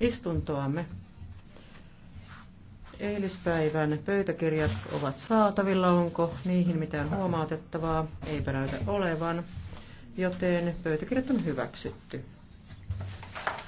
istuntoamme. Eilispäivän pöytäkirjat ovat saatavilla. Onko niihin mitään huomautettavaa? Eipä näytä olevan, joten pöytäkirjat on hyväksytty.